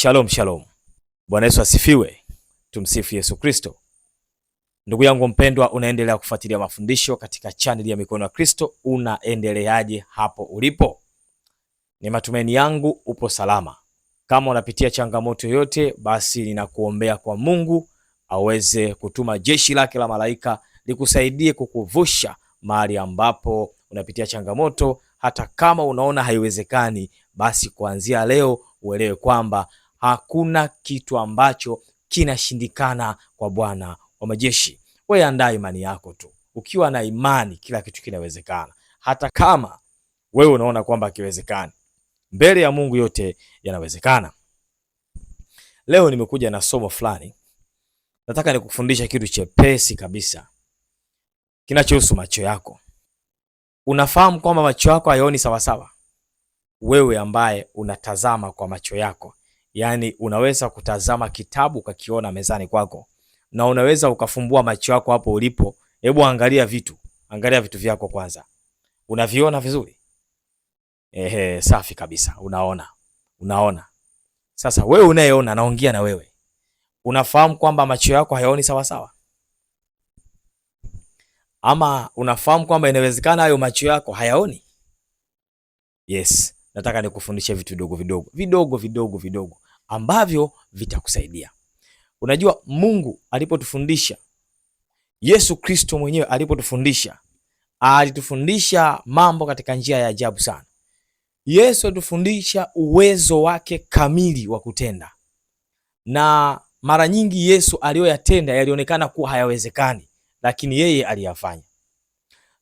Shalom, shalom. Bwana Yesu asifiwe. Tumsifu Yesu Kristo. Ndugu yangu mpendwa, unaendelea kufuatilia mafundisho katika chaneli ya Mikono ya Kristo. Unaendeleaje hapo ulipo? Ni matumaini yangu upo salama. Kama unapitia changamoto yoyote, basi ninakuombea kwa Mungu aweze kutuma jeshi lake la malaika likusaidie kukuvusha mahali ambapo unapitia changamoto. Hata kama unaona haiwezekani, basi kuanzia leo uelewe kwamba hakuna kitu ambacho kinashindikana kwa Bwana wa majeshi. Wewe andaa imani yako tu, ukiwa na imani kila kitu kinawezekana, hata kama wewe unaona kwamba hakiwezekani. Mbele ya Mungu yote yanawezekana. Leo nimekuja na somo fulani, nataka nikufundisha kitu chepesi kabisa kinachohusu macho yako. Unafahamu kwamba macho yako hayaoni sawasawa? Wewe ambaye unatazama kwa macho yako yani unaweza kutazama kitabu ukakiona mezani kwako, na unaweza ukafumbua macho yako hapo ulipo. Hebu angalia vitu, angalia vitu vyako kwanza, unaviona vizuri? Ehe, safi kabisa, unaona, unaona. Sasa wewe unayeona, naongea na wewe, unafahamu kwamba macho yako hayaoni sawa sawa? ama unafahamu kwamba inawezekana hayo macho yako hayaoni? Yes, nataka nikufundishe vitu vidogo vidogo vidogo vidogo vidogo ambavyo vitakusaidia. Unajua, Mungu alipotufundisha, Yesu Kristo mwenyewe alipotufundisha, alitufundisha mambo katika njia ya ajabu sana. Yesu alitufundisha uwezo wake kamili wa kutenda, na mara nyingi Yesu aliyoyatenda yalionekana kuwa hayawezekani, lakini yeye aliyafanya,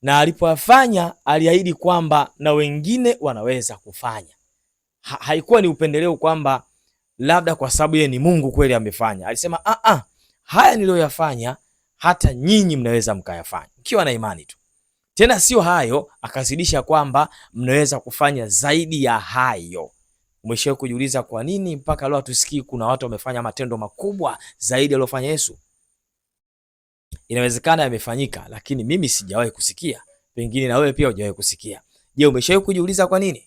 na alipoyafanya aliahidi kwamba na wengine wanaweza kufanya. Ha, haikuwa ni upendeleo kwamba labda kwa sababu yeye ni Mungu kweli amefanya. Alisema a ah, a, ah, haya niliyoyafanya hata nyinyi mnaweza mkayafanya mkiwa na imani tu. Tena sio hayo, akazidisha kwamba mnaweza kufanya zaidi ya hayo. Umeshawahi kujiuliza kwa nini mpaka leo hatusikii kuna watu wamefanya matendo makubwa zaidi aliyofanya Yesu? Inawezekana yamefanyika, lakini mimi sijawahi kusikia, pengine na wewe pia hujawahi kusikia. Je, umeshawahi kujiuliza kwa nini?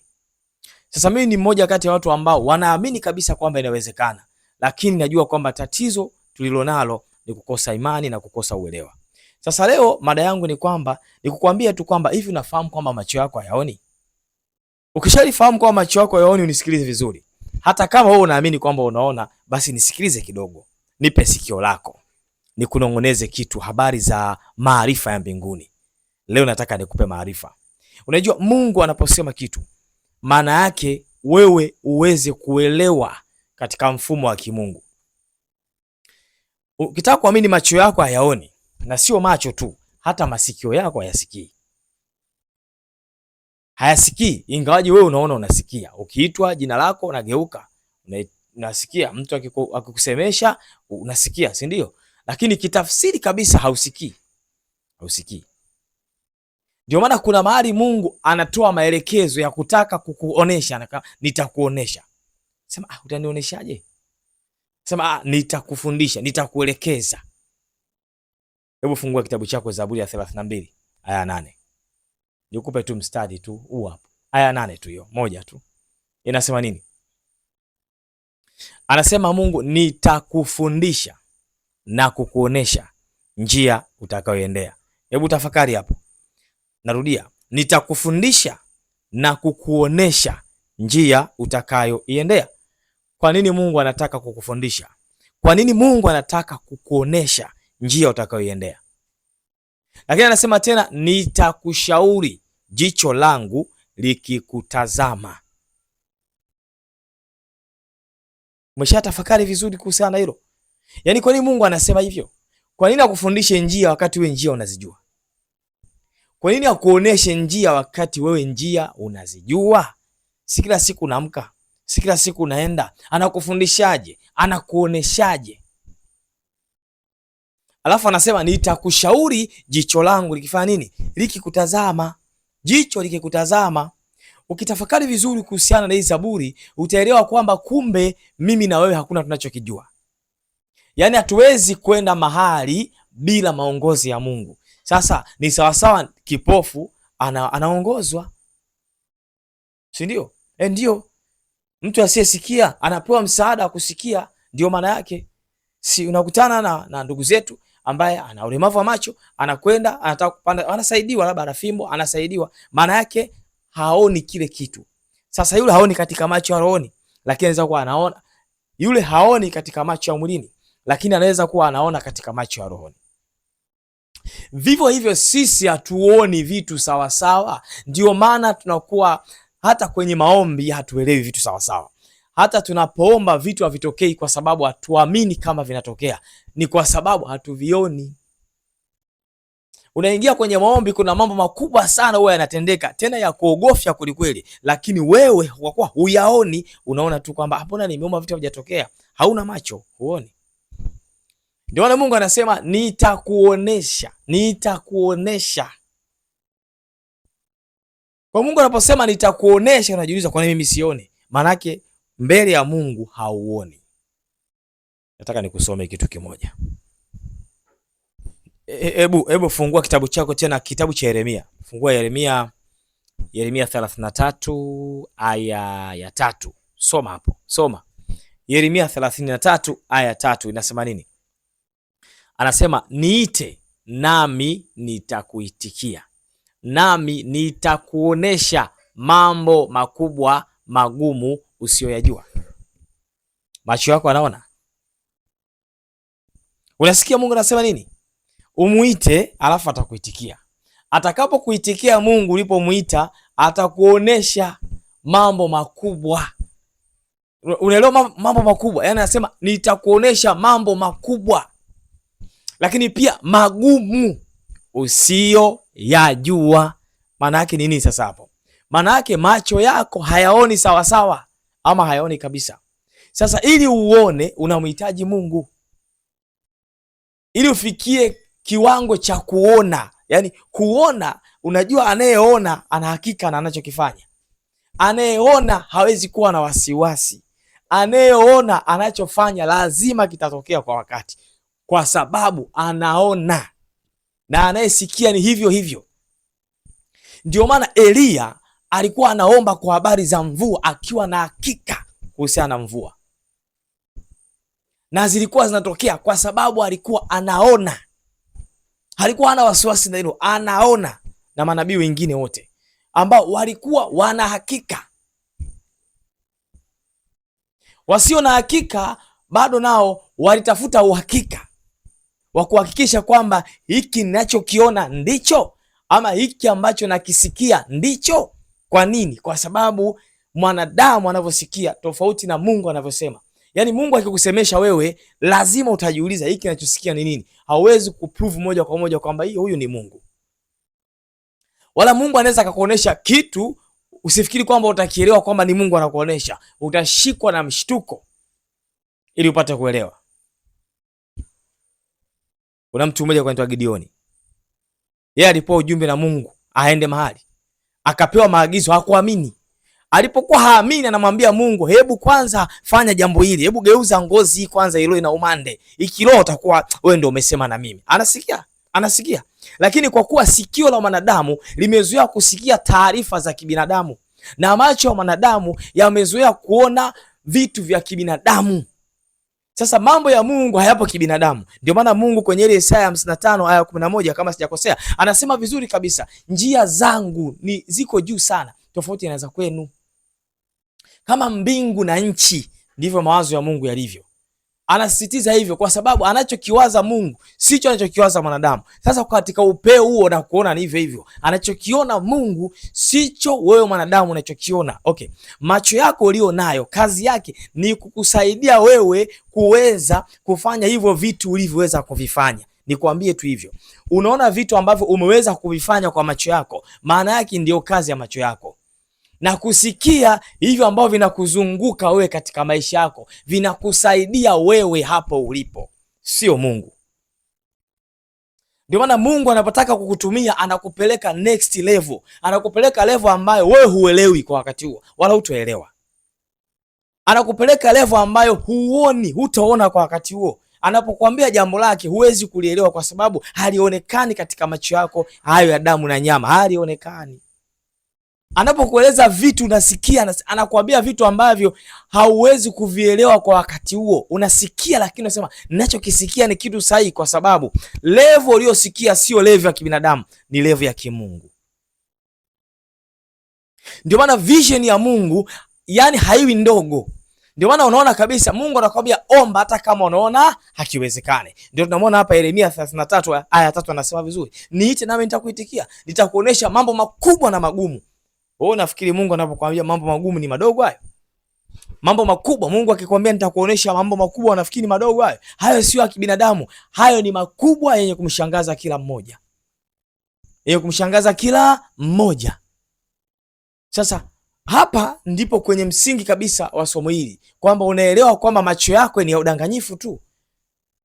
Sasa mimi ni mmoja kati ya watu ambao wanaamini kabisa kwamba inawezekana, lakini najua kwamba tatizo tulilonalo ni kukosa imani na kukosa uelewa. Sasa leo mada yangu ni kwamba nikukwambia tu kwamba hivi, unafahamu kwamba macho yako hayaoni? Ukishalifahamu kwamba macho yako hayaoni, unisikilize vizuri. Hata kama wewe unaamini kwamba unaona, basi nisikilize kidogo, nipe sikio lako, nikunong'oneze kitu, habari za maarifa ya mbinguni. Leo nataka nikupe maarifa. Unajua Mungu anaposema kitu maana yake wewe uweze kuelewa katika mfumo wa kimungu. Ukitaka kuamini, macho yako hayaoni, na sio macho tu, hata masikio yako hayasikii, hayasikii, ingawaji wewe unaona unasikia. Ukiitwa jina lako unageuka, unasikia. Mtu akikusemesha unasikia, si ndio? Lakini kitafsiri kabisa hausikii, hausikii. Ndio maana kuna mahali Mungu anatoa maelekezo ya kutaka kukuonesha, nitakuonesha. Sema ah, utanionyeshaje? Sema ah, nitakufundisha, nitakuelekeza. Hebu fungua kitabu chako Zaburi ya 32 aya 8. Nikupe tu mstari tu huu hapo. Aya 8 tu hiyo, moja tu. Inasema nini? Anasema Mungu, nitakufundisha na kukuonesha njia utakayoendea. Hebu tafakari hapo. Narudia, nitakufundisha na kukuonesha njia utakayoiendea. Kwa nini Mungu anataka kukufundisha? Kwa nini Mungu anataka kukuonesha njia utakayoiendea? Lakini anasema tena, nitakushauri jicho langu likikutazama. Umeshatafakari vizuri kuhusiana na hilo? Yaani, kwa nini Mungu anasema hivyo? Kwa nini akufundishe njia wakati we njia unazijua? Kwa nini akuoneshe njia wakati wewe njia unazijua? Si kila siku unaamka, si kila siku unaenda. Anakufundishaje? Anakuoneshaje? Alafu anasema nitakushauri, jicho langu likifanya nini? Likikutazama. Jicho likikutazama. Ukitafakari vizuri kuhusiana na hii Zaburi utaelewa kwamba kumbe mimi na wewe hakuna tunachokijua, yaani hatuwezi kwenda mahali bila maongozi ya Mungu. Sasa ni sawasawa kipofu ana, anaongozwa si ndio? E, ndio mtu asiyesikia anapewa msaada wa kusikia. Ndio maana yake, si unakutana na, na ndugu zetu ambaye ana ulemavu wa macho anakwenda anataka kupanda, anasaidiwa labda ana fimbo, anasaidiwa. Maana yake haoni kile kitu. Sasa yule haoni katika macho ya rohoni, lakini anaweza kuwa anaona. Yule haoni katika macho ya mwilini, lakini anaweza kuwa anaona katika macho ya rohoni. Vivyo hivyo sisi hatuoni vitu sawasawa, ndio maana tunakuwa hata kwenye maombi hatuelewi vitu sawasawa. Hata tunapoomba vitu havitokei, kwa sababu hatuamini kama vinatokea, ni kwa sababu hatuvioni. Unaingia kwenye maombi, kuna mambo makubwa sana huwa yanatendeka, tena ya kuogofya kwelikweli, lakini wewe kwa kuwa huyaoni, unaona tu kwamba ah, mbona nimeomba vitu havijatokea. Hauna macho, huoni. Ndio maana Mungu anasema nitakuonesha, nitakuonesha. Kwa Mungu anaposema nitakuonesha, unajiuliza kwa nini mimi sioni? Maanake mbele ya Mungu hauoni. Nataka nikusome kitu kimoja. Hebu e, e, hebu fungua kitabu chako tena, kitabu cha Yeremia. Fungua Yeremia, Yeremia 33 aya ya tatu. Soma hapo, soma Yeremia 33 aya ya tatu, inasema nini? anasema niite nami nitakuitikia, nami nitakuonesha mambo makubwa magumu usiyoyajua. Macho yako anaona. Unasikia Mungu anasema nini? Umwite alafu atakuitikia. Atakapokuitikia Mungu ulipomwita, atakuonesha mambo makubwa. Unaelewa? Mambo makubwa, Yani anasema nitakuonesha mambo makubwa lakini pia magumu usiyoyajua. Maana yake nini sasa hapo? Maana yake macho yako hayaoni sawasawa sawa, ama hayaoni kabisa. Sasa ili uone, unamhitaji Mungu ili ufikie kiwango cha kuona, yani kuona. Unajua, anayeona ana hakika na anachokifanya. Anayeona hawezi kuwa na wasiwasi. Anayeona anachofanya lazima kitatokea kwa wakati kwa sababu anaona na anayesikia ni hivyo hivyo. Ndio maana Eliya alikuwa anaomba kwa habari za mvua akiwa na hakika kuhusiana na mvua, na zilikuwa zinatokea kwa sababu alikuwa anaona, alikuwa ana wasiwasi na hilo, anaona. Na manabii wengine wote ambao walikuwa wana hakika, wasio na hakika bado nao walitafuta uhakika wa kuhakikisha kwamba hiki ninachokiona ndicho ama hiki ambacho nakisikia ndicho. Kwa nini? Kwa sababu mwanadamu anavyosikia tofauti na Mungu anavyosema. Yaani Mungu akikusemesha wewe lazima utajiuliza hiki ninachosikia ni nini. Hauwezi kuprove moja kwa moja kwamba hii huyu ni Mungu. Wala Mungu anaweza akakuonesha kitu usifikiri kwamba utakielewa kwamba ni Mungu anakuonesha. Utashikwa na mshtuko ili upate kuelewa. Kuna mtu mmoja kwa Gideoni, yeye alipewa ujumbe na Mungu aende mahali, akapewa maagizo, hakuamini. Alipokuwa haamini, anamwambia Mungu, hebu kwanza fanya jambo hili, hebu geuza ngozi kwanza, ilo ina umande, ikiroho utakuwa wewe ndio umesema na mimi. Anasikia, anasikia, lakini kwa kuwa sikio la mwanadamu limezoea kusikia taarifa za kibinadamu na macho ya mwanadamu yamezoea kuona vitu vya kibinadamu sasa mambo ya Mungu hayapo kibinadamu. Ndio maana Mungu kwenye ile Isaya 55 aya 11 kama sijakosea, anasema vizuri kabisa, njia zangu ni ziko juu sana, tofauti na za kwenu. Kama mbingu na nchi, ndivyo mawazo ya Mungu yalivyo. Anasisitiza hivyo kwa sababu anachokiwaza Mungu sicho anachokiwaza mwanadamu. Sasa katika upeo huo na kuona ni hivyo hivyo, anachokiona Mungu sicho wewe mwanadamu unachokiona. Okay, macho yako ulio nayo kazi yake ni kukusaidia wewe kuweza kufanya hivyo vitu ulivyoweza kuvifanya. Nikwambie tu hivyo, unaona vitu ambavyo umeweza kuvifanya kwa macho yako, maana yake ndiyo kazi ya macho yako na kusikia hivyo ambavyo vinakuzunguka wewe katika maisha yako, vinakusaidia wewe hapo ulipo, sio Mungu. Ndio maana Mungu anapotaka kukutumia anakupeleka next level, anakupeleka level ambayo wewe huelewi kwa wakati huo, wala hutoelewa. Anakupeleka level ambayo huoni, hutoona kwa wakati huo. Anapokuambia jambo lake huwezi kulielewa, kwa sababu halionekani katika macho yako hayo ya damu na nyama, halionekani anapokueleza vitu unasikia, anakuambia vitu ambavyo hauwezi kuvielewa kwa wakati huo, unasikia lakini unasema ninachokisikia ni kitu sahihi, kwa sababu levo uliyosikia sio levo ya kibinadamu, ni levo ya kimungu. Ndio maana vision ya Mungu yani haiwi ndogo. Ndio maana unaona kabisa Mungu anakwambia omba hata kama unaona hakiwezekani. Ndio tunamwona hapa Yeremia 33 aya 3 anasema vizuri, niite nami nitakuitikia, nitakuonesha mambo makubwa na magumu wewe unafikiri Mungu anapokuambia mambo magumu ni madogo hayo? Mambo makubwa Mungu akikwambia nitakuonesha mambo makubwa, unafikiri madogo hayo? Hayo sio ya kibinadamu, hayo ni makubwa yenye kumshangaza kila mmoja, yenye kumshangaza kila mmoja. Sasa hapa ndipo kwenye msingi kabisa wa somo hili, kwamba unaelewa kwamba macho yako ni ya udanganyifu tu.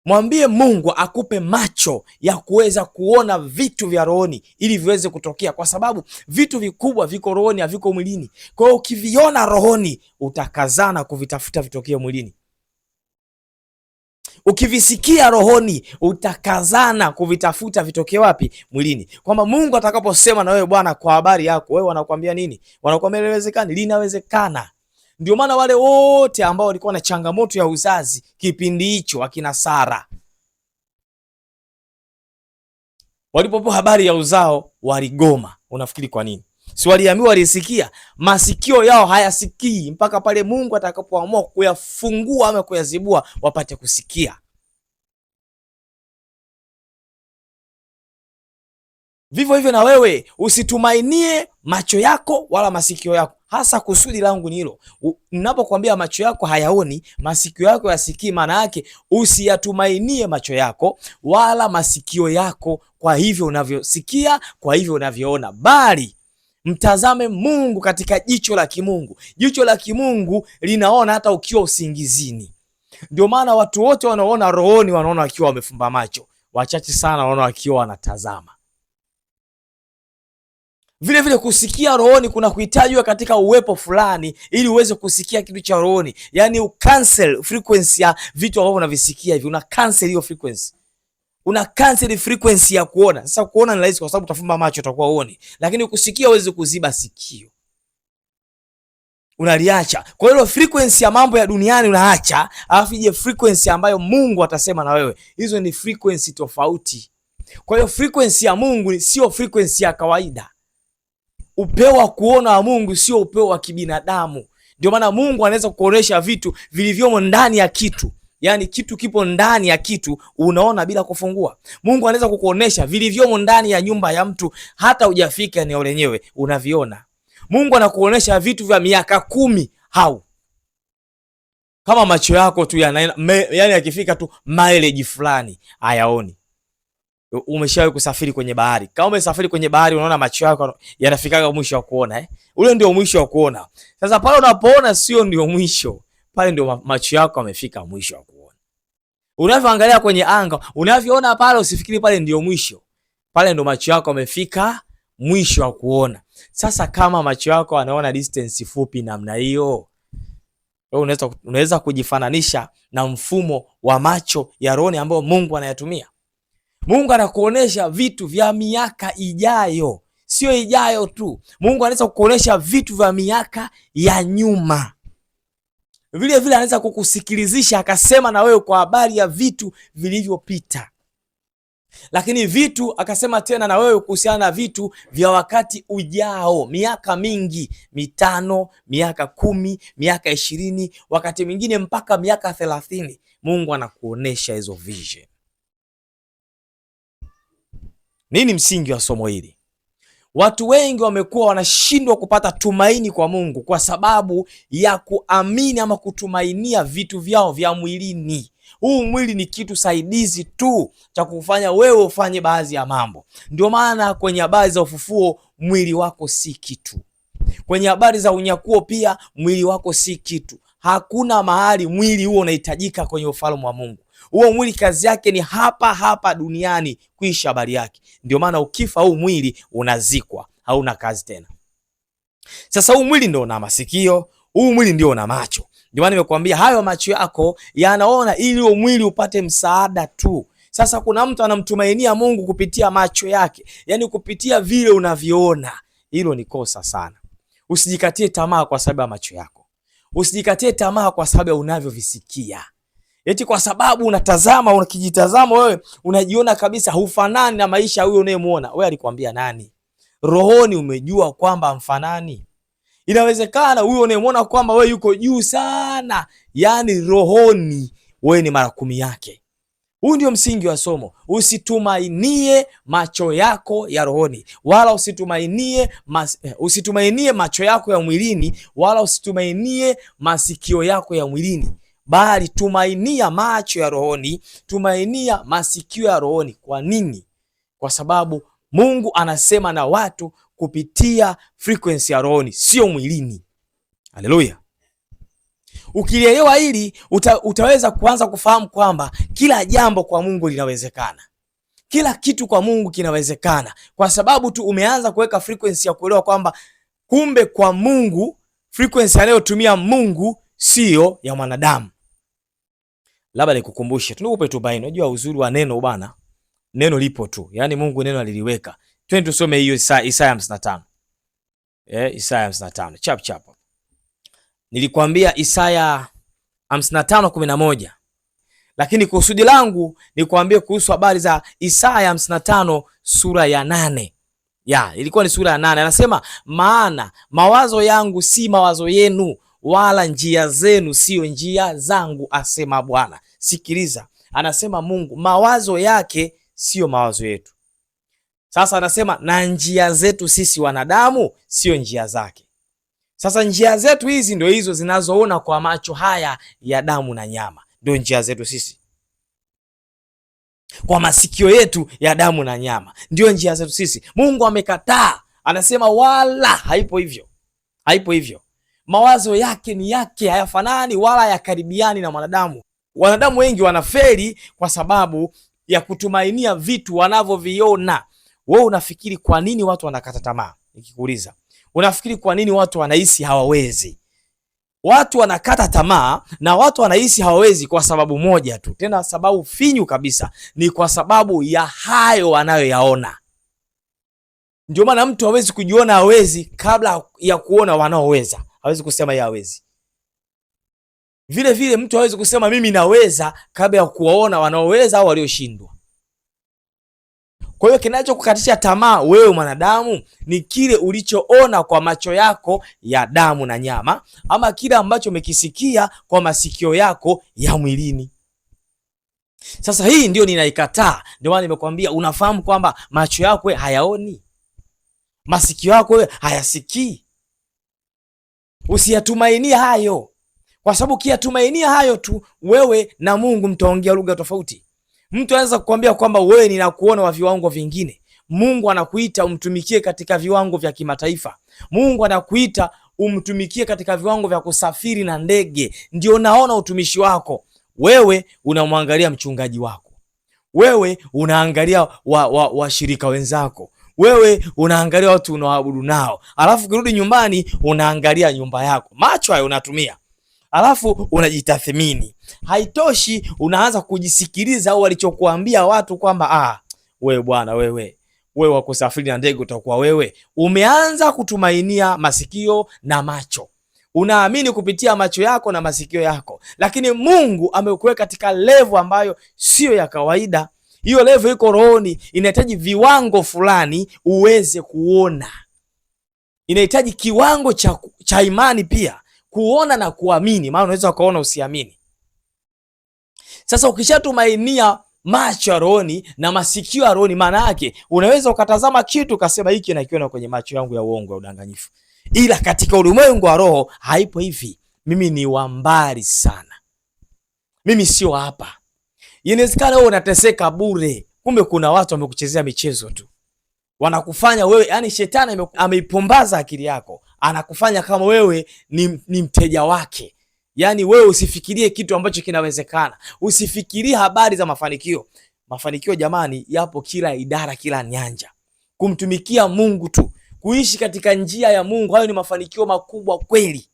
Mwambie Mungu akupe macho ya kuweza kuona vitu vya rohoni ili viweze kutokea, kwa sababu vitu vikubwa viko rohoni, haviko mwilini. Kwa hiyo ukiviona rohoni utakazana kuvitafuta vitokee mwilini, ukivisikia rohoni utakazana kuvitafuta vitokee wapi? Mwilini, kwamba Mungu atakaposema na wewe bwana, kwa habari yako wewe, wanakuambia nini? Wanakuambia linawezekani linawezekana ndio maana wale wote ambao walikuwa na changamoto ya uzazi kipindi hicho, akina Sara walipopewa habari ya uzao waligoma. Unafikiri kwa nini? Si waliambiwa, walisikia, masikio yao hayasikii mpaka pale Mungu atakapoamua kuyafungua ama kuyazibua wapate kusikia. Vivyo hivyo na wewe usitumainie macho yako wala masikio yako, hasa kusudi langu ni hilo. Ninapokuambia macho yako hayaoni, masikio yako yasikii, maana yake usiyatumainie macho yako wala masikio yako kwa hivyo unavyosikia, kwa hivyo unavyoona, bali mtazame Mungu katika jicho la kimungu. Jicho la kimungu linaona hata ukiwa usingizini. Ndio maana watu wote wanaoona rohoni wanaona wakiwa wamefumba macho, wachache sana wanaona wakiwa wanatazama. Vile vile kusikia rohoni kuna kuhitajiwa katika uwepo fulani ili uweze kusikia kitu cha rohoni, yaani ucancel frequency ya vitu ambavyo unavisikia hivi, una cancel hiyo frequency, una cancel frequency ya kuona. Sasa kuona ni rahisi, kwa sababu utafumba macho utakuwa uone, lakini kusikia uweze kuziba sikio, unaliacha. Kwa hiyo frequency ya mambo ya duniani unaacha, alafu ije frequency ambayo Mungu atasema na wewe. Hizo ni frequency tofauti. Kwa hiyo frequency ya Mungu sio frequency ya kawaida upeo wa kuona wa Mungu sio upeo wa kibinadamu. Ndio maana Mungu anaweza kukuonesha vitu vilivyomo ndani ya kitu, yaani kitu kipo ndani ya kitu, unaona bila kufungua. Mungu anaweza kukuonesha vilivyomo ndani ya nyumba ya mtu, hata hujafika eneo lenyewe unaviona. Mungu anakuonesha vitu vya miaka kumi hau kama macho yako tu yana, yani yakifika tu mileage fulani hayaoni umeshawahi kusafiri kwenye bahari? Kama umesafiri kwenye bahari, unaona macho yako yanafikaga mwisho wa kuona eh? Ule ndio mwisho wa kuona. Sasa pale unapoona sio ndio mwisho, pale ndio macho yako yamefika mwisho wa kuona. Unavyoangalia kwenye anga, unavyoona pale, usifikiri pale ndio mwisho, pale ndio macho yako yamefika mwisho wa kuona. Sasa kama macho yako anaona distance fupi namna hiyo, unaweza unaweza kujifananisha na mfumo wa macho ya roho ambayo Mungu anayatumia. Mungu anakuonesha vitu vya miaka ijayo, sio ijayo tu. Mungu anaweza kukuonesha vitu vya miaka ya nyuma vile vile anaweza kukusikilizisha akasema na wewe kwa habari ya vitu vilivyopita, lakini vitu akasema tena na wewe kuhusiana na vitu vya wakati ujao, miaka mingi, mitano, miaka kumi, miaka ishirini, wakati mwingine mpaka miaka thelathini. Mungu anakuonesha hizo vision. Nini msingi wa somo hili? Watu wengi wamekuwa wanashindwa kupata tumaini kwa Mungu kwa sababu ya kuamini ama kutumainia vitu vyao vya mwilini. Huu mwili ni kitu saidizi tu cha kufanya wewe ufanye baadhi ya mambo. Ndio maana kwenye habari za ufufuo mwili wako si kitu, kwenye habari za unyakuo pia mwili wako si kitu. Hakuna mahali mwili huo unahitajika kwenye ufalme wa Mungu. Huo mwili kazi yake ni hapa hapa duniani kuisha habari yake. Ndio maana ukifa huu mwili unazikwa, hauna kazi tena. Sasa huu mwili ndio una masikio, huu mwili ndio una macho. Ndio maana nimekuambia hayo macho yako yanaona ili huo mwili upate msaada tu. Sasa kuna mtu anamtumainia Mungu kupitia macho yake, yaani kupitia vile unavyoona. Hilo ni kosa sana. Usijikatie tamaa kwa sababu ya macho yako, usijikatie tamaa kwa sababu ya unavyovisikia. Eti kwa sababu unatazama unakijitazama wewe unajiona kabisa hufanani na maisha huyo unayemuona. Wewe alikwambia nani? Rohoni umejua kwamba mfanani Inawezekana huyo unayemuona kwamba wewe yuko juu sana, yaani rohoni wewe ni mara kumi yake. Huu ndio msingi wa somo. Usitumainie macho yako ya rohoni, wala usitumainie mas, eh, usitumainie macho yako ya mwilini, wala usitumainie masikio yako ya mwilini bali tumainia macho ya rohoni, tumainia masikio ya rohoni. Kwa nini? Kwa sababu Mungu anasema na watu kupitia frequency ya rohoni, sio mwilini. Haleluya! Ukilielewa hili uta, utaweza kuanza kufahamu kwamba kila jambo kwa Mungu linawezekana, kila kitu kwa Mungu kinawezekana, kwa sababu tu umeanza kuweka frequency ya kuelewa kwamba kumbe kwa Mungu frequency anayotumia Mungu siyo ya mwanadamu. Labda nikukumbushe, tu nikupe tu baini. Unajua uzuri wa neno bwana, neno lipo tu, yaani Mungu neno aliliweka. Twende tusome hiyo Isaya, 55. Eh, Isaya 55 chap chap. Nilikwambia Isaya 55:11 lakini kusudi langu ni kuambia kuhusu habari za Isaya 55 sura ya nane. Ya, ilikuwa ni sura ya nane. Anasema, maana mawazo yangu si mawazo yenu, wala njia zenu siyo njia zangu, asema Bwana. Sikiliza, anasema Mungu, mawazo yake siyo mawazo yetu. Sasa anasema na njia zetu sisi wanadamu siyo njia zake. Sasa njia zetu hizi ndio hizo zinazoona kwa macho haya ya damu na nyama, ndio njia zetu sisi kwa masikio yetu ya damu na nyama, ndio njia zetu sisi. Mungu amekataa, anasema wala haipo hivyo, haipo hivyo mawazo yake ni yake, hayafanani wala hayakaribiani na mwanadamu. Wanadamu wengi wanafeli kwa sababu ya kutumainia vitu wanavyoviona. Wewe unafikiri kwa nini watu wanakata tamaa? Nikikuuliza, unafikiri kwa nini watu wanahisi hawawezi? Watu wanakata tamaa na watu wanahisi hawawezi kwa sababu moja tu, tena sababu finyu kabisa, ni kwa sababu ya hayo wanayoyaona. Ndio maana mtu hawezi kujiona hawezi kabla ya kuona wanaoweza hawezi kusema yeye hawezi. Vile vile mtu hawezi kusema mimi naweza kabla ya kuwaona wanaoweza au walioshindwa. Kwa hiyo kinachokukatisha tamaa wewe mwanadamu ni kile ulichoona kwa macho yako ya damu na nyama, ama kile ambacho umekisikia kwa masikio yako ya mwilini. Sasa hii ndio ninaikataa. Ndio maana nimekwambia, unafahamu kwamba macho yako hayaoni, masikio yako hayasikii, Usiyatumainie hayo, kwa sababu ukiyatumainia hayo tu, wewe na Mungu mtaongea lugha tofauti. Mtu anaweza kukwambia kwamba wewe ninakuona wa viwango vingine. Mungu anakuita umtumikie katika viwango vya kimataifa. Mungu anakuita umtumikie katika viwango vya kusafiri na ndege. Ndio naona utumishi wako. Wewe unamwangalia mchungaji wako, wewe unaangalia washirika wa, wa wenzako wewe unaangalia watu unaoabudu nao, alafu ukirudi nyumbani unaangalia nyumba yako, macho hayo unatumia alafu unajitathmini. Haitoshi, unaanza kujisikiliza au walichokuambia watu kwamba ah, wewe bwana, wewe wewe wa kusafiri na ndege utakuwa wewe. Umeanza kutumainia masikio na macho, unaamini kupitia macho yako na masikio yako, lakini Mungu amekuweka katika levu ambayo siyo ya kawaida. Hiyo level iko rohoni, inahitaji viwango fulani uweze kuona, inahitaji kiwango cha, cha imani pia kuona na kuamini, maana unaweza ukaona usiamini. Sasa ukishatumainia macho ya rohoni na masikio ya rohoni, maana yake unaweza ukatazama kitu ukasema hiki nakiona kwenye macho yangu ya uongo ya udanganyifu, ila katika ulimwengu wa roho haipo hivi. Mimi ni wa mbali sana, mimi sio hapa Inawezekana wewe unateseka bure, kumbe kuna watu wamekuchezea michezo tu, wanakufanya wewe yani, shetani ameipumbaza akili yako, anakufanya kama wewe ni, ni mteja wake. Yani wewe usifikirie kitu ambacho kinawezekana, usifikirie habari za mafanikio. Mafanikio jamani, yapo kila idara, kila nyanja. Kumtumikia Mungu tu, kuishi katika njia ya Mungu, hayo ni mafanikio makubwa kweli.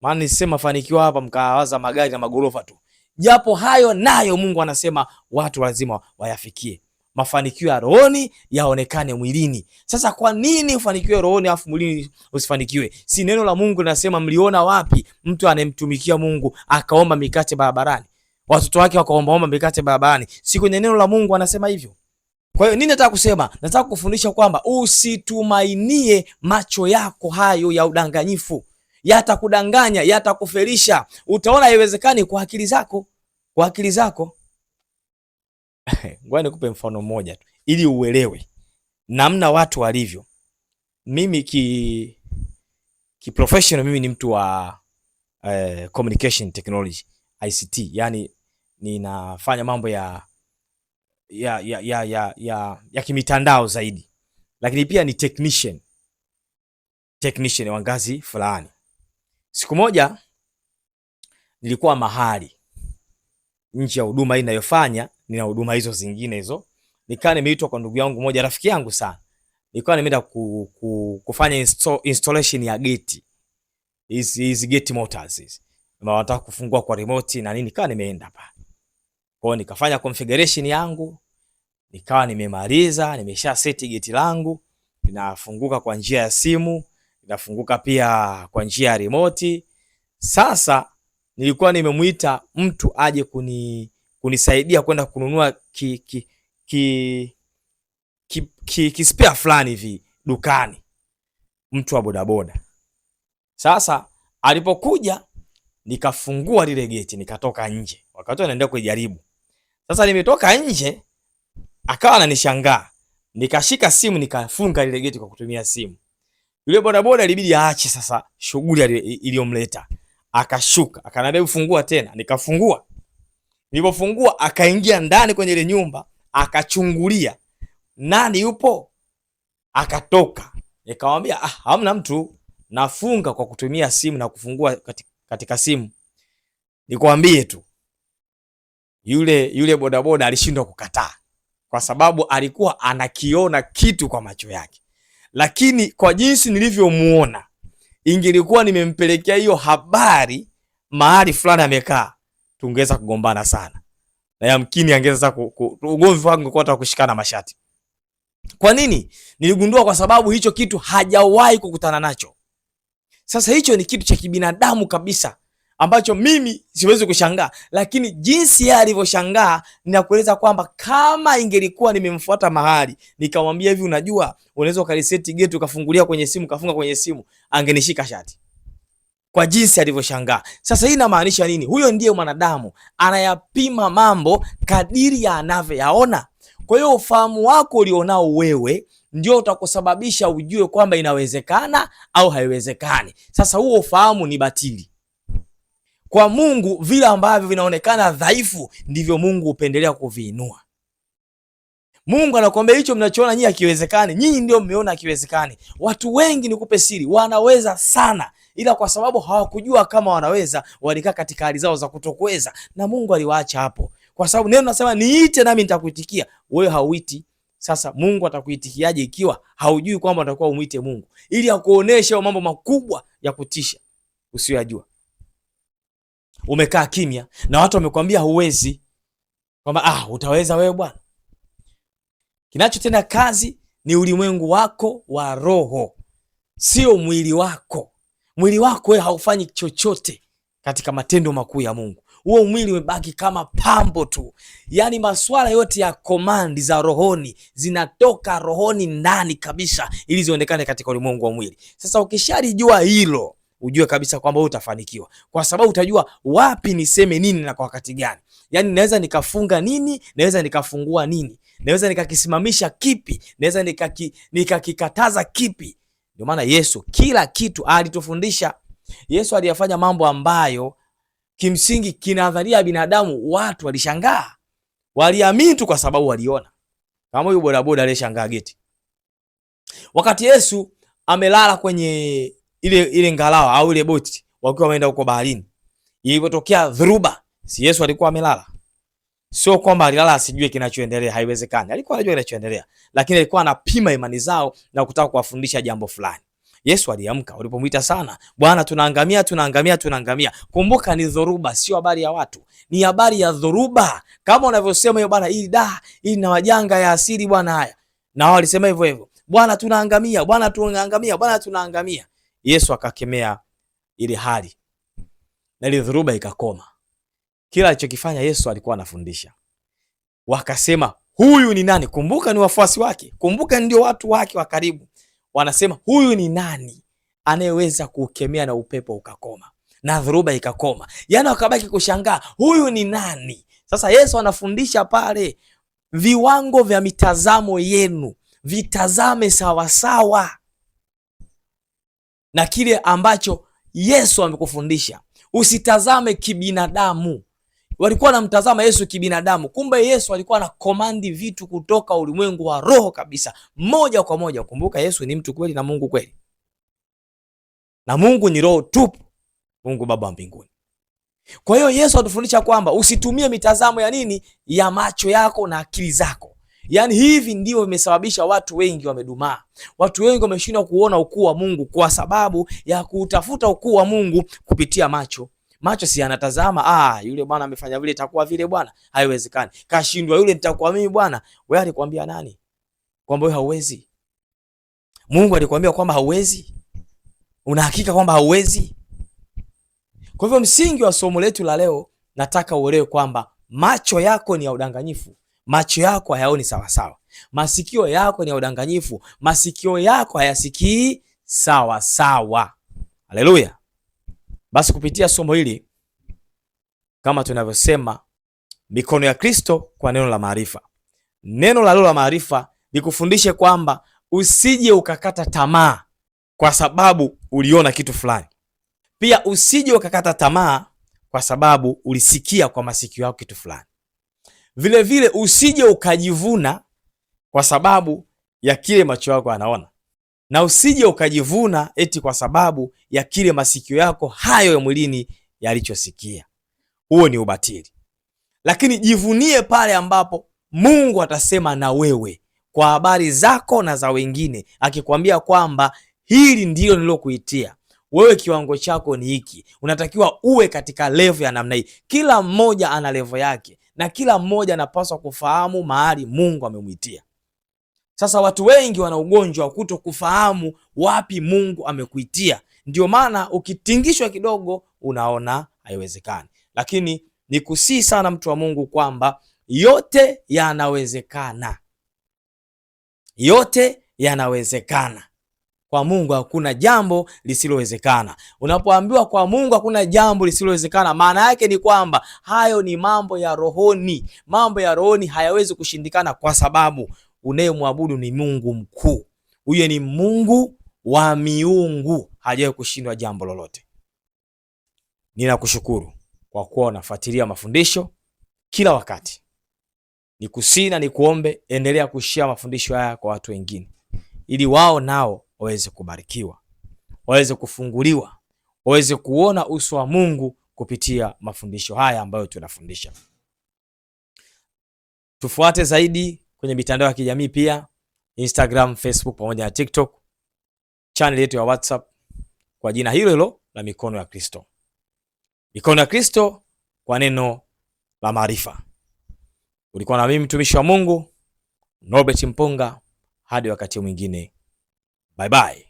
Maana nisema mafanikio hapa, mkawaza magari na magorofa tu japo hayo nayo Mungu anasema watu lazima wayafikie. Mafanikio ya rohoni yaonekane mwilini. Sasa kwa nini ufanikiwe rohoni afu mwilini usifanikiwe? Si neno la Mungu linasema, mliona wapi mtu anemtumikia Mungu akaomba mikate barabarani, watoto wake wakaombaomba mikate barabarani? Si kwenye neno la Mungu anasema hivyo? Kwa hiyo nini nataka kusema? Nataka kufundisha kwamba usitumainie macho yako hayo ya udanganyifu yatakudanganya, yatakufelisha. Utaona haiwezekani kwa akili zako, kwa akili zako. Ngoja nikupe mfano mmoja tu ili uelewe namna watu walivyo. Mimi ki ki professional, mimi ni mtu wa uh, communication technology ICT, yani ninafanya mambo ya ya ya ya ya, ya, ya kimitandao zaidi, lakini pia ni technician technician wa ngazi fulani. Siku moja nilikuwa mahali nje ya huduma inayofanya ninayofanya, nina huduma hizo zingine hizo, nikawa nimeitwa kwa ndugu yangu moja, rafiki yangu sana. Nilikuwa nimeenda ku, ku, kufanya install, installation ya geti hizi hizi geti motors hizi, na wanataka kufungua kwa remote na nini, nikawa nimeenda pa kwao, nikafanya configuration yangu, nikawa nimemaliza, nimesha seti geti langu linafunguka kwa njia ya simu inafunguka pia kwa njia ya remote. Sasa nilikuwa nimemwita mtu aje kuni, kunisaidia kwenda kununua ki, ki, ki, ki, ki, ki ki spare fulani hivi dukani, mtu wa bodaboda. Sasa alipokuja nikafungua lile geti nikatoka nje, wakati anaendelea kujaribu. Sasa nimetoka nje, akawa ananishangaa, nikashika simu nikafunga lile geti kwa kutumia simu. Yule bodaboda ilibidi aache sasa shughuli iliyomleta, akashuka akaniambia, ufungua tena. Nikafungua, nilipofungua akaingia ndani kwenye ile nyumba, akachungulia nani yupo, akatoka. Nikamwambia ah, hamna mtu, nafunga kwa kutumia simu na kufungua katika, katika simu. Nikwambie tu yule yule bodaboda alishindwa kukataa, kwa sababu alikuwa anakiona kitu kwa macho yake lakini kwa jinsi nilivyomuona ingelikuwa nimempelekea hiyo habari mahali fulani amekaa, tungeweza kugombana sana na yamkini sasa ugomvi wangu ungekuwa hata kushikana mashati. Kwa nini? Niligundua kwa sababu hicho kitu hajawahi kukutana nacho. Sasa hicho ni kitu cha kibinadamu kabisa ambacho mimi siwezi kushangaa, lakini jinsi yeye alivyoshangaa, ninakueleza kwamba kama ingelikuwa nimemfuata mahali nikamwambia hivi, unajua unaweza ukariseti geti ukafungulia kwenye simu kafunga kwenye simu, angenishika shati kwa jinsi alivyoshangaa. Sasa hii inamaanisha nini? Huyo ndiye mwanadamu anayapima mambo kadiri ya anavyoyaona. Kwa hiyo ufahamu wako ulionao wewe ndio utakusababisha ujue kwamba inawezekana au haiwezekani. Sasa huo ufahamu ni batili. Kwa Mungu vile ambavyo vinaonekana dhaifu ndivyo Mungu hupendelea kuviinua. Mungu anakuambia hicho mnachoona nyinyi akiwezekani, nyinyi ndio mmeona akiwezekani. Watu wengi nikupe siri, wanaweza sana, ila kwa sababu hawakujua kama wanaweza, walikaa katika hali zao za kutokuweza, na Mungu aliwaacha hapo, kwa sababu neno nasema niite nami nitakuitikia. Wewe hauiti. Sasa Mungu atakuitikiaje ikiwa haujui kwamba utakuwa umwite Mungu ili akuoneshe mambo makubwa ya kutisha usiyojua? umekaa kimya na watu wamekwambia huwezi, kwamba ah, utaweza wewe bwana. Kinachotenda kazi ni ulimwengu wako wa roho, sio mwili wako. Mwili wako wewe haufanyi chochote katika matendo makuu ya Mungu. Huo mwili umebaki kama pambo tu, yaani masuala yote ya komandi za rohoni zinatoka rohoni ndani kabisa, ili zionekane katika ulimwengu wa mwili. Sasa ukishalijua hilo ujue kabisa kwamba wewe utafanikiwa, kwa sababu utajua wapi niseme nini na kwa wakati gani. Yani naweza nikafunga nini, naweza nikafungua nini, naweza nikakisimamisha kipi, naweza nikaki, nikakikataza kipi. Ndio maana Yesu kila kitu alitufundisha. Yesu aliyafanya mambo ambayo kimsingi kinadharia binadamu watu walishangaa, waliamini tu kwa sababu waliona, kama huyu bodaboda aliyeshangaa geti, wakati Yesu amelala kwenye ile ile ngalawa au ile boti wakiwa wameenda huko baharini, ilipotokea dhuruba, si Yesu alikuwa amelala? Sio kwamba alilala asijue kinachoendelea, haiwezekani. Alikuwa anajua kinachoendelea, lakini alikuwa anapima imani zao na kutaka kuwafundisha jambo fulani. Yesu aliamka, walipomwita sana, Bwana, tunaangamia, tunaangamia, tunaangamia. Kumbuka ni dhoruba, sio habari ya watu, ni habari ya dhoruba, kama unavyosema hiyo bwana, ili da ili na majanga ya asili bwana, haya na wao walisema hivyo hivyo, Bwana tunaangamia, Bwana tunaangamia, Bwana tunaangamia. Yesu akakemea ile hali na ile dhuruba ikakoma. Kila alichokifanya Yesu alikuwa anafundisha, wakasema huyu ni nani? Kumbuka ni wafuasi wake, kumbuka ndio watu wake wa karibu. Wanasema huyu ni nani anayeweza kukemea na upepo ukakoma na dhuruba ikakoma? Yaani wakabaki kushangaa, huyu ni nani? Sasa Yesu anafundisha pale, viwango vya mitazamo yenu vitazame sawasawa sawa na kile ambacho Yesu amekufundisha. Usitazame kibinadamu. Walikuwa wanamtazama Yesu kibinadamu, kumbe Yesu alikuwa anakomandi vitu kutoka ulimwengu wa roho kabisa, moja kwa moja. Kumbuka Yesu ni mtu kweli na Mungu kweli, na Mungu ni roho tupu, Mungu Baba wa mbinguni. Kwa hiyo Yesu atufundisha kwamba usitumie mitazamo ya nini, ya macho yako na akili zako Yaani hivi ndivyo vimesababisha watu wengi wamedumaa. Watu wengi wameshindwa kuona ukuu wa Mungu kwa sababu ya kutafuta ukuu wa Mungu kupitia macho. Macho si anatazama, ah, yule bwana amefanya vile, itakuwa vile bwana, haiwezekani. Kashindwa yule, nitakuwa mimi bwana. Wewe alikwambia nani? Kwamba wewe hauwezi. Mungu alikwambia kwamba hauwezi? Una hakika kwamba hauwezi? Kwa hivyo msingi wa somo letu la leo nataka uelewe kwamba macho yako ni ya udanganyifu macho yako hayaoni sawasawa, masikio yako ni ya udanganyifu, masikio yako hayasikii sawasawa. Haleluya! Basi kupitia somo hili kama tunavyosema, mikono ya Kristo kwa neno la maarifa, neno la leo la maarifa likufundishe kwamba usije ukakata tamaa kwa sababu uliona kitu fulani. Pia usije ukakata tamaa kwa sababu ulisikia kwa masikio yako kitu fulani. Vilevile usije ukajivuna kwa sababu ya kile macho yako anaona, na usije ukajivuna eti kwa sababu ya kile masikio yako hayo ya mwilini yalichosikia. Huo ni ubatili, lakini jivunie pale ambapo Mungu atasema na wewe kwa habari zako na za wengine, akikwambia kwamba hili ndilo nilokuitia wewe, kiwango chako ni hiki, unatakiwa uwe katika levo ya namna hii. Kila mmoja ana levo yake na kila mmoja anapaswa kufahamu mahali Mungu amemwitia. Sasa watu wengi wana ugonjwa wa kuto kufahamu wapi Mungu amekuitia, ndio maana ukitingishwa kidogo unaona haiwezekani. Lakini nikusii sana mtu wa Mungu kwamba yote yanawezekana, yote yanawezekana kwa Mungu hakuna jambo lisilowezekana. Unapoambiwa kwa Mungu hakuna jambo lisilowezekana, maana yake ni kwamba hayo ni mambo ya rohoni. Mambo ya rohoni hayawezi kushindikana, kwa sababu unayemwabudu ni Mungu mkuu. Huyo ni Mungu wa miungu, hajawahi kushindwa jambo lolote. Ninakushukuru kwa kuwa unafuatilia mafundisho kila wakati. Ni kusina ni kuombe, endelea kushia mafundisho haya kwa watu wengine, ili wao nao waweze kubarikiwa, waweze kufunguliwa, waweze kuona uso wa Mungu kupitia mafundisho haya ambayo tunafundisha. Tufuate zaidi kwenye mitandao ya kijamii pia, Instagram, Facebook pamoja na TikTok, channel yetu ya WhatsApp kwa jina hilo hilo la Mikono ya Kristo, Mikono ya Kristo kwa neno la maarifa. Ulikuwa na mimi mtumishi wa Mungu Norbert Mponga, hadi wakati mwingine. Bye bye.